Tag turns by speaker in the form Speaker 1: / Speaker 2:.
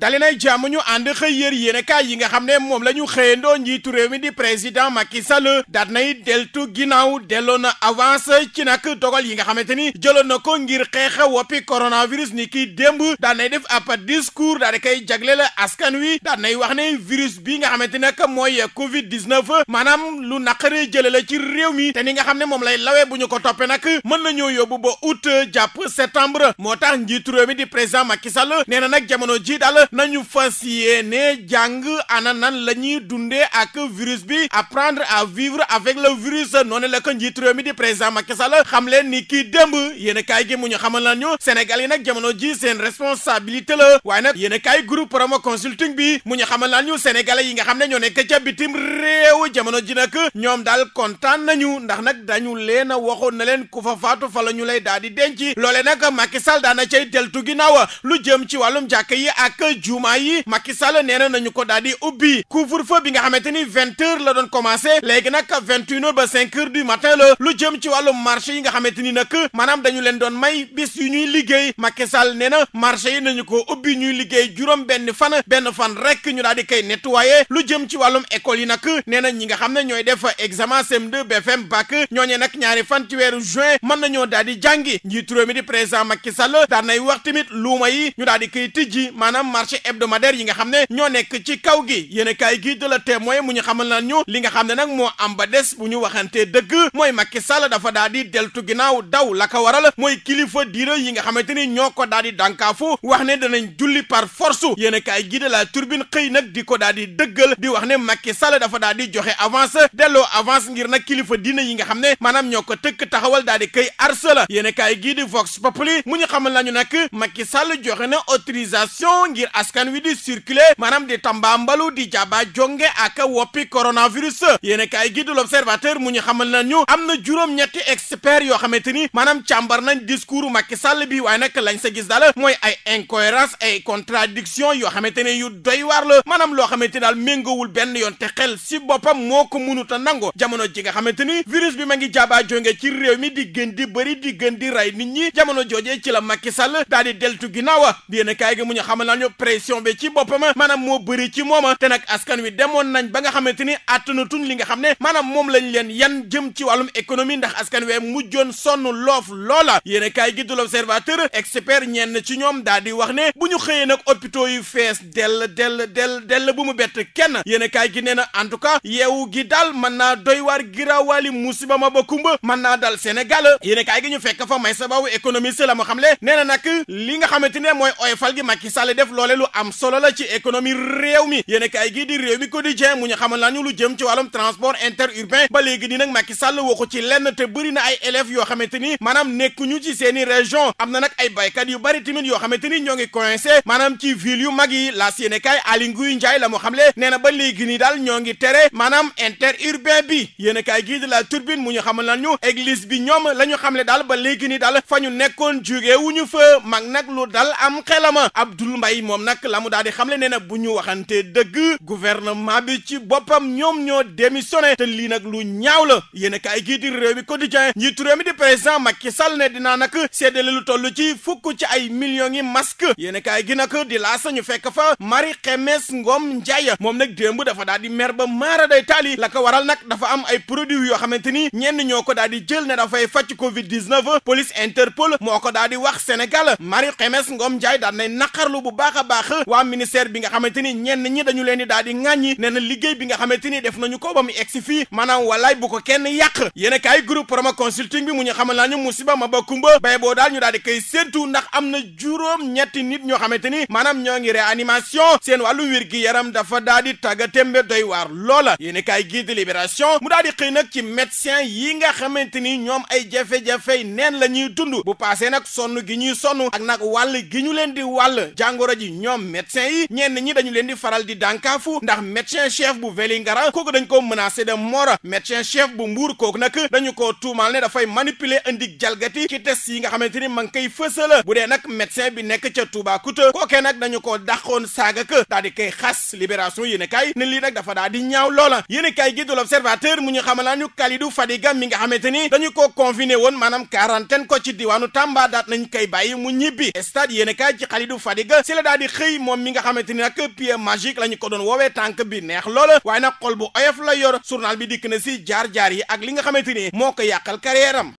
Speaker 1: dali nay jàmm ñu ànd xëy yér yéenekaay yi nga xam ne moom la ñu xëyandoo njiitu réew mi di président Macky Sall daat nay deltu ginnaaw delloo na avance ci nag dogal yi nga xamante ni jëloon na ko ngir xeex woppi coronavirus ni kii démb daan nay def ab discours daal di koy jagle la askan wi daan nay wax ne virus bi nga xamante nag mooy covid 19 maanaam lu naqare jële la ci réew mi te ni nga xam ne moom lay lawee bu ñu ko toppee nag mën na nañoo yóbbu ba août jàpp septembre moo tax njiitu mi di président Macky Sall nee na nag jamono ji daal nañu si yéene jàng ana nan la ñuy dundee ak virus bi apprendre à vivre avec le virus noonu la ko njiit réew mi di président Macky Sall xam leen ni kii démb yéen kaay gi mu ñu xamal lan ñu Sénégal yi nag jamono ji seen responsabilité la waaye nag yéen kaay groupe promo consulting bi mu ñu xamal lan ñu sénégalais yi nga xam ne ñoo nekk ca bitim réew jamono ji nag ñoom daal kontaan nañu ndax nag dañu leen a waxoon na leen ku fa faatu fa la ñu lay daal di denc loole nag Macky Sall daana cay deltu ginnaaw lu jëm ci wàllum jàkk yi ak jumaa yi Macky Sall nee na nañu ko daal di ubbi couvre-feu bi nga xamante ni vingt heures la doon commencé léegi nag vingt une heures ba cinq heures du matin la lu jëm ci wàllu marché yi nga xamante ni nag maanaam dañu leen doon may bis yu ñuy liggéey Macky Sall nee na marché yi nañu ko ubbi ñuy liggéey juróom benn fan benn fan rek ñu daal di koy nettoyé lu jëm ci wàllum école yi nag nee na ñi nga xam ne ñooy def examen CM2 BFM bac ñooñee nag ñaari fan ci weeru juin mën nañoo daal di jàngi njiitu réew mi di président Macky Sall daan nay wax tamit luuma yi ñu daal di koy tijji marché hebdomadaire yi nga xam ne ñoo nekk ci kaw gi yéen kaay gi de la témoin mu ñu xamal na ñu li nga xam ne nag moo amba ba des bu ñu waxantee dëgg mooy Macky Sall dafa daal di deltu ginnaaw daw laka ko waral mooy kilifa diira yi nga xamante ni ñoo ko daal di dànkaafu wax ne danañ julli par force yéen kaay gi de la turbine xëy nag di ko daal di dëggal di wax ne Macky Sall dafa daal di joxe avance delloo avance ngir na kilifa diina yi nga xam ne maanaam ñoo ko tëkk taxawal daal di koy arsa la yéen kaay di Vox Populi mu ñu xamal nañu nag Macky Sall joxe na autorisation ngir askan wi di circuler maanaam di tambaambalu di jaba jonge ak woppi coronavirus yéen a kaay gi du l'observateur mu ñu xamal na ñu am na juróom-ñetti experts yoo xamante ni maanaam càmbar nañ discours Macky Sall bi waaye nag lañ sa gis daal mooy ay incohérence ay contradiction yoo xamante ne yu doy waar la maanaam loo xamante ni daal méngawul benn yoon te xel si boppam moo ko mënut a nango jamono ji nga xamante ni virus bi ma ngi jaaba jonge ci réew mi di gën di bëri di gën di rey nit ñi jamono joojee ci la Macky Sall daal di deltu ginnaaw yéen a kaay gi mu ñu xamal na pression bi ci boppam maanaam moo bëri ci moom te nag askan wi demoon nañ ba nga xamante ni attanatuñ li nga xam ne maanaam moom lañ leen yan jëm ci wàllum économie ndax askan wee mujjoon sonn loof loola yéen kaay gi du l'observateur expert ñenn ci ñoom daal di wax ne bu ñu xëyee nag hôpitaux yu fees dell dell dell dell bu mu bett kenn yéen kaay gi nee na en tout cas yeewu gi daal mën naa doy waar giraawaali musiba ma ba kumba mën naa dal Sénégal yéen kaay gi ñu fekk fa may sababu économiste la mu xamle nee na li nga xamante ne mooy oyofal gi Macky Sall def loole loole lu am solo la ci économie réew mi yéen kaay gii di réew mi quotidien mu ñu xamal la ñu lu jëm ci wàllum transport interurbain ba léegi nii nag Macky Sall waxu ci lenn te bëri na ay élèves yoo xamante ni maanaam nekkuñu ci seeni région am na nag ay baykat yu bari tamit yoo xamante ni ñoo ngi coincé maanaam ci ville yu mag yi laas yéen kaay Aly Ngouille Ndiaye la mu xam nee na ba léegi nii daal ñoo ngi tere maanaam interurbain bi yéen kaay gii di la turbine mu ñu xamal la ñu église bi ñoom la ñu xamle daal ba léegi nii daal fa ñu nekkoon jógee wuñu fa mag nag lu dal am xelama Abdoul Mbaye moom moom nag la mu daal di xamle nee na bu ñu waxante dëgg gouvernement bi ci boppam ñoom ñoo démissionné te lii nag lu ñaaw la yéen a kaay gii di réew mi quotidien njiitu réew mi di président Macky sal ne dinaa nag séddale lu toll ci fukk ci ay millions yi masque yéen gi nag di laasa ñu fekk fa Marie ngoom Ngom ya moom nag démb dafa daal di mer ba maara day taali la ko waral nag dafa am ay produit yoo xamante ni ñenn ñoo ko daal di jël ne dafay fàcc Covid 19 police Interpol moo ko daal di wax Sénégal Marie Xemes Ngom Ndiaye daal nay naqarlu bu baax baax waa ministère bi nga xamante ni ñenn ñi dañu leen di daal di ŋàññi nee liggéey bi nga xamante ni def nañu ko ba mu egsi fii maanaam walaay bu ko kenn yàq yéen a kaay groupe Promo Consulting bi mu ñu xamal naa ñu musiba ma bakumba bay boo daal ñu daal di koy séentu ndax am na juróom ñetti nit ñoo xamante ni maanaam ñoo ngi réanimation seen wàllu wér gi yaram dafa daal di tàgga témbe doy waar loola yéen a kaay gii libération mu daal di xëy nag ci médecin yi nga xamante ni ñoom ay jafe neen la ñuy dund bu paasee nag sonn gi ñuy sonn ak nag wàll gi ñu leen di wàll jàngoro ji ñoom médecin yi ñenn ñi dañu leen di faral di dànkaafu ndax médecin chef bu Vélingara kooku dañ ko menacé de mort médecin chef bu Mbour kooku nag dañu ko tuumaal ne dafay manipuler indi jalgati ci test yi nga xamante ni ma ngi koy fësala bu dee nag médecin bi nekk ca Toubacouta kookee nag dañu ko dàqoon saaga ka daal di koy xas libération yéenekaay ne lii nag dafa daal di ñaaw loola yéenekaay gi du l'Observateur mu ñu xamal naa ñu Kalidou Fadiga mi nga xamante ni dañu ko confiné woon maanaam quarantaine ko ci diwaanu Tamba daat nañ koy bàyyi mu ñibbi stade yéenekaay ci Kalidou Fadiga si xëy moom mi nga xamante ni nag pied magique la ñu ko doon woowee tànk bi neex lool waaye na xol bu oyof la yor journal bi dikk na si jaar jaar yi ak li nga xamante ni moo ko yàqal carrière